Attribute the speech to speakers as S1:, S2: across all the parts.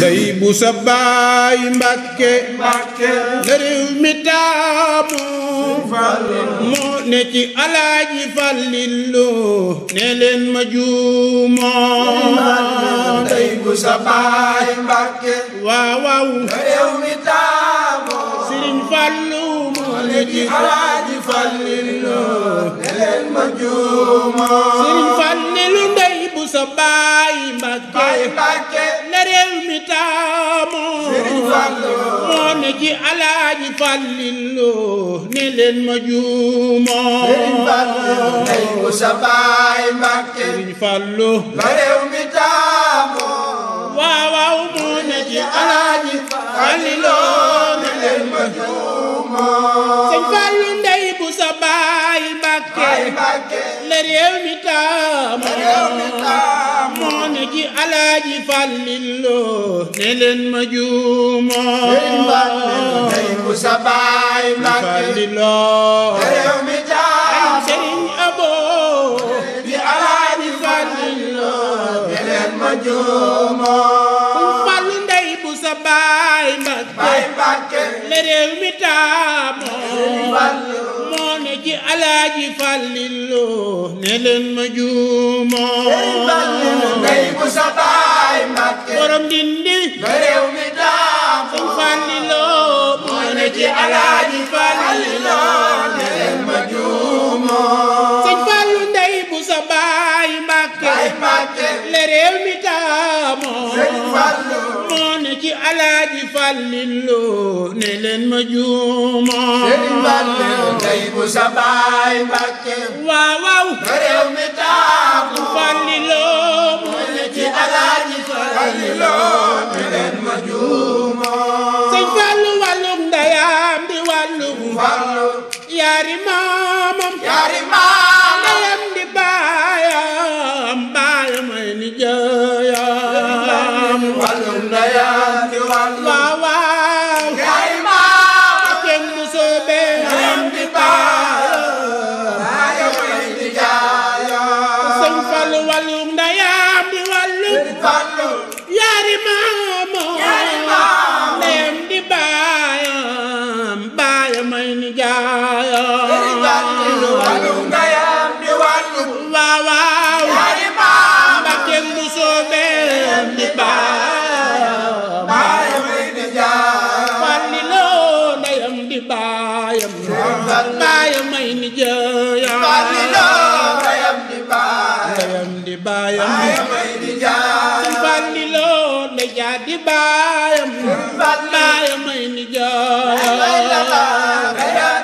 S1: ndey bu sa baay mbàkke mi taamu moo ne ci alaaji fàllilu ne leen ma juumoo ndey leen ma ji alaaji Fàllilu ne la réew mi taamoo Baay Mbàkke la réew mi taamu moo ne ci Alaaji Fàlliloo ne leen ma juumoo tey bu sa Baay Mbàkke Fàlliloo la réew mi taamu Sëriñ Abo di Alaaji Fàlliloo ne leen ma juumoo Fallu ndey bu sa Baay Mbàkke Baay Mbàkke la réew mi taamu ci alaaji fàllilu ndey bu sa baay le réew mi daamoo alaaji Fàllilu ne leen ma juumo sëriñ Fàllilu tey bu sa baay Mbàkke waaw waaw ba réew mi taamu Fàllilu mu ne ci alaaji Fàllilu ne leen ma juumo sëñ Fàllu wàllum ndeyam di wàllum Fàllu yaari maamam yaari maamam fallu yaari maamo yaari maamo ndem di baayam baayam ay ni jaayam yaari fallu wallu ngayam di wallu waaw waaw yaari maamo mbakem bu soobeem di baayam baayam ay ni jaayam falli loo ndayam di baayam baayam ay ni jaayam falli loo ndayam di baayam ndayam di baayam baayam baayam ay nijaayam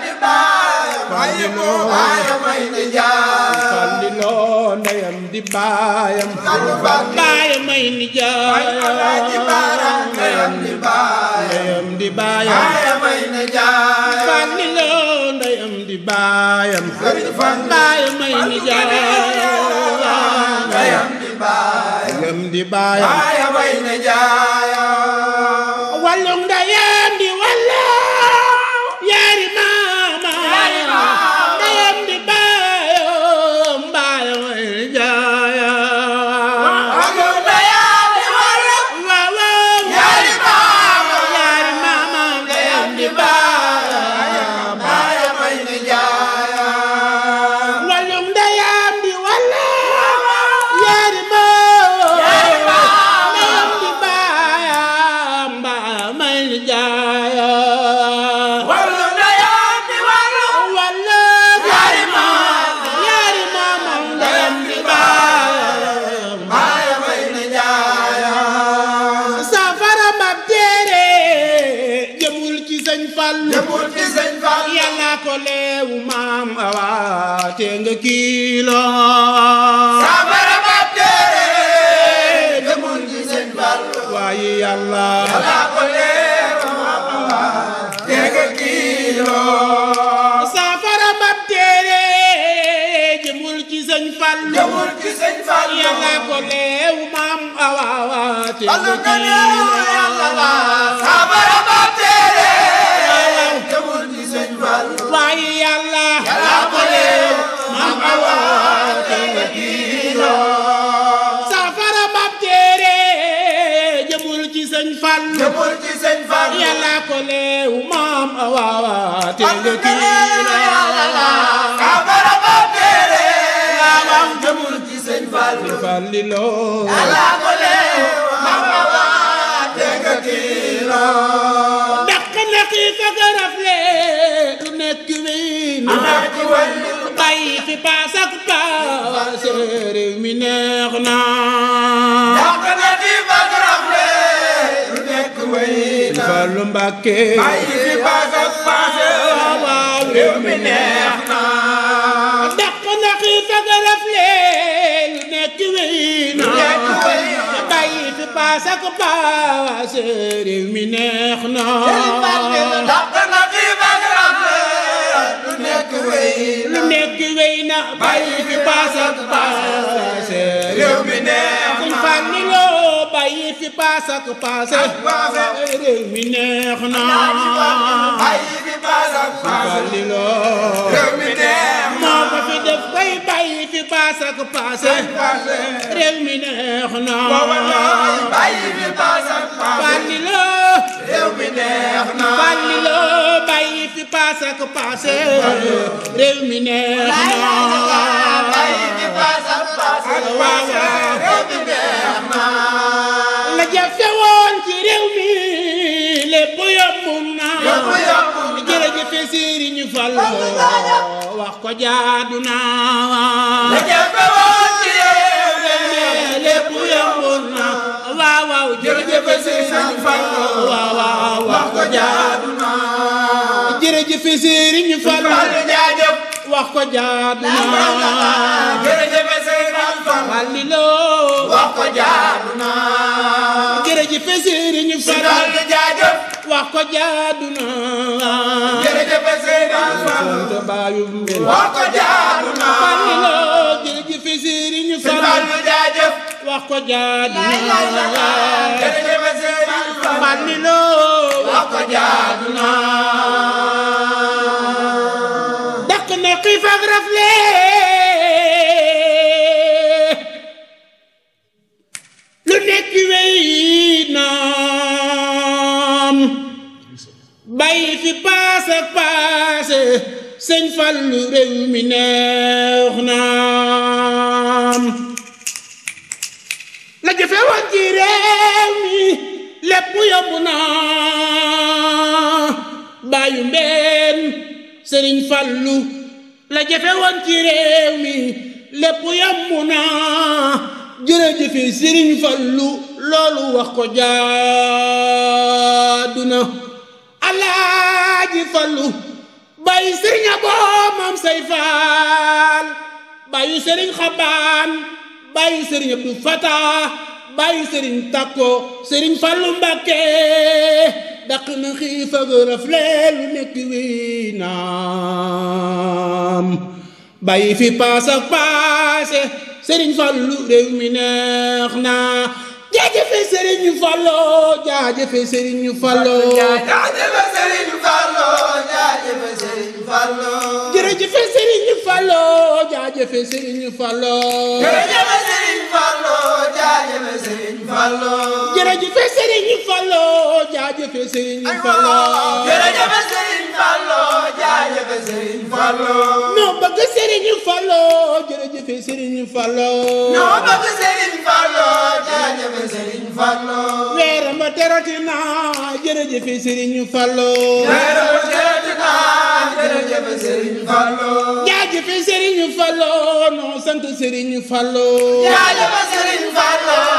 S1: di baayam baayam ay nijaayam di baayam di baayam ay nijaayam di baayam baayam ay nijaayam baayam di baaya bay na jaayam fàtte nga kii la. saa bara baab téere demul ci sëñ Fallu. waaye yàlla. yàlla ko leeral. te nga kii la. saa bara baab téere demul ci sëñ Fallu. demul ci sëñ Fallu. yàlla ko leeral maam awa awa. te nga kii la. Fallu te ko leewu maam awaawa te nga kii la yàlla kii ka garab lee du nekk wiin ana ci wàllu bàyyi fi paas ak paas réew mi neex na Fallu Mbàkke bàyyi fi baas ak paase mi neex na ndax ndax yi sagaraf leen lu nekk wéy na fi baas ak paase mi neex na ndax fi baas ak bàyyi fi paas ak paase. fi paas ak paase. réew mi neex na. moo ko fi def koy paase. réew mi neex na. jafe sëriñ Fallu wax ko jaadu na la jafe woon ci yow lépp yomboon na waaw waaw jërëjëf sëriñ Fallu waaw waaw wax ko jaadu na jërëjëf sëriñ Fallu jaajëf wax ko jaadu na jërëjëf sëriñ Fallu wax ko jaadu na jëfe sëriñu faral di jaajëf wax ko jaadu na jërëjëf sëriñ faral te baayu mbir wax ko jaadu na fanilo jërëjëf sëriñu faral di jaajëf wax ko jaadu na jërëjëf sëriñ faral fanilo wax ko jaadu na ak paase sëñ Fallu la jëfe woon ci réew naa bàyyu mbeen Fallu la jëfe woon ci réew mi lépp yóbbu naa Fallu loolu wax ko jaaduna Allah ji fallu bayu sëriñ aboo moom say faal bayu sëriñ xabaan bayu sëriñ abdu fataa bayu sëriñ takko sëriñ fallu mbàkke daq na xiif ak raf leelu nekk wii naam bayi fi paas paase sëriñ fallu réew mi neex naa jaajëfe Serigne Fallo jaajëfe Serigne Fallo jaajëfe Serigne Fallo jaajëfe Serigne Fallo jërëjëfe Serigne Fallo jaajëfe Serigne Fallo jërëjëfe Serigne Fallo jaajëfe Serigne Fallo jaajëfe Serigne Fallo jaajëfe Serigne Fallo jërëjëf Serigne Fallo jaajëf Serigne Fallo noo bëgg Serigne Fallo jërëjëf Serigne Fallo noo bëgg Serigne Fallo jaajëf Serigne Fallo weeram ba terati na jërëjëf Serigne Fallo weeram ba terati na jërëjëf Serigne Fallo jaajëf Serigne Fallo noo sant Serigne Fallo jaajëf Serigne Fallo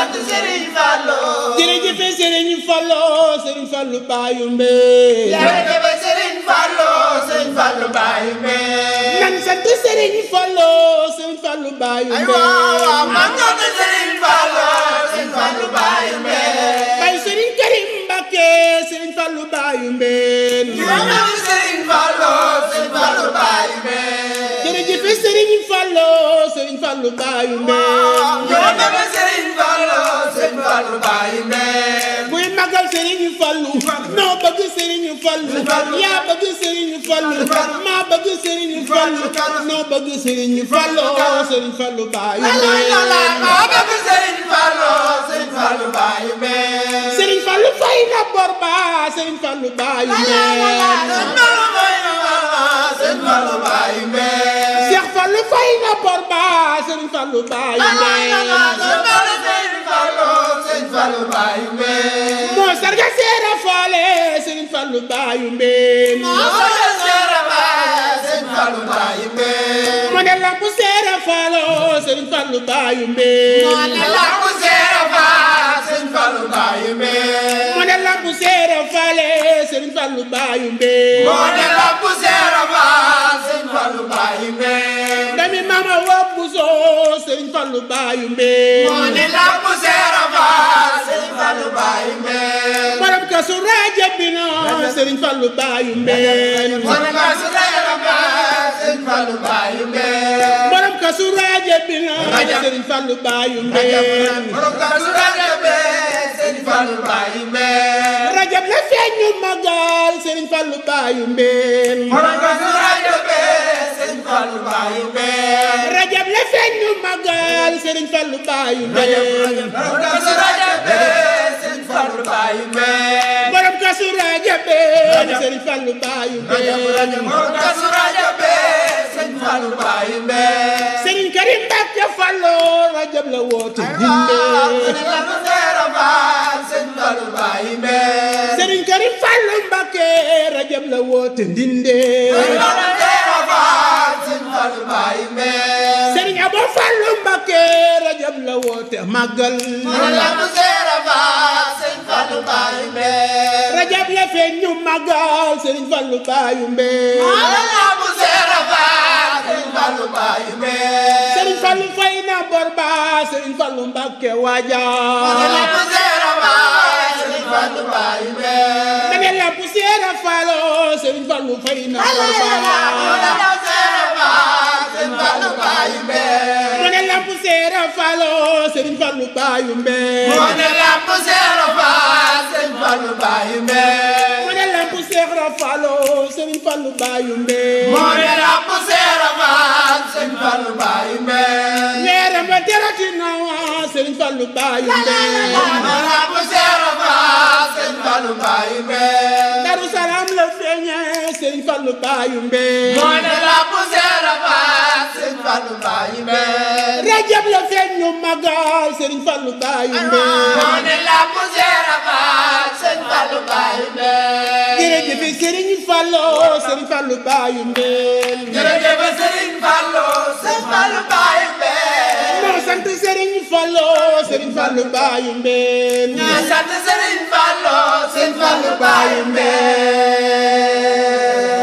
S1: sant Serigne Fallou. jërëjëf Serigne Fallou Serigne Fallou Baye Mbaye. jërëjëf Serigne Fallou Serigne Fallou Baye Mbaye. nan sant Serigne Fallou Serigne Fallou Baye Mbaye. aywa man sant Serigne Fallou Serigne Fallou Baye Mbaye. Baye Serigne Karim Mbacké Serigne Fallou Baye Mbaye. jërëjëf Serigne Fallou Serigne Fallou Baye Mbaye. jërëjëf Serigne Fallou Serigne Fallou Baye Mbaye. Serigne Fallou noo bëgg Serigne Fallou yaa bëgg Serigne Fallou maa bëgg Serigne Fallou noo bëgg Serigne Fallou Serigne Fallou baayu mbéy. noo bëgg Serigne Fallou Serigne Fallou baayu mbéy. Serigne Fallou fay na bor ba Serigne Fallou baayu mbéy. Cheikh Fallou fay na bor ba Serigne Fallou baayu mbéy. moo sargal seera faale sëriñ Fallu baayu mbeen moo ne lampu seera faalo sëriñ Fallu baayu mbeen moo ne lampu seera faale sëriñ Fallu baayu mbeen dami mama woppu soo sëriñ Fallu baayu mbeen su rajo bi noonu Sëriñ Fallu rajab la feeñu magal Sëriñ Fallu baayu mbeen borom Serigne Fallou Baye Mbène borom Kazu Rajab Serigne Fallou Baye Mbène borom Kazu Rajab Serigne Fallou Baye Mbène borom Kazu Rajab Serigne Fallou Baye Mbène Serigne Karim Mbacké Fallou Rajab la woote dinde Serigne Karim Fallou Mbacké Rajab la woote dinde Serigne Abo Fallou la woote màggal. rajab la feeñ ñu màggal Serigne Fallou Baye Mbe. Serigne Fallou fay na bor ba Serigne Fallou Mbacke waaja. mane la poussière falo Serigne Fallou fay na bor ba. Fallo Serigne Fallou Baye Mbaye moo ne lamp Serigne Fall Serigne Fallou Baye Mbaye moo ne lamp Serigne Fallo Serigne Fallou Baye Mbaye moo ne lamp Serigne Fall Serigne Fallou Baye Mbaye leeram ba terati nawa Serigne Fallou Baye Mbaye moo ne lamp Serigne Fall Serigne Fallou Baye Mbaye Darou Salam la feeñe Serigne Fallou Baye Mbaye moo ne lamp Serigne Fall sëñ Fallou Mbaye rajab la feeñ ñu magal sëñ Fallou Mbaye Mbène. moo ne la mu seera faal sëñ Fallou Mbaye Mbène.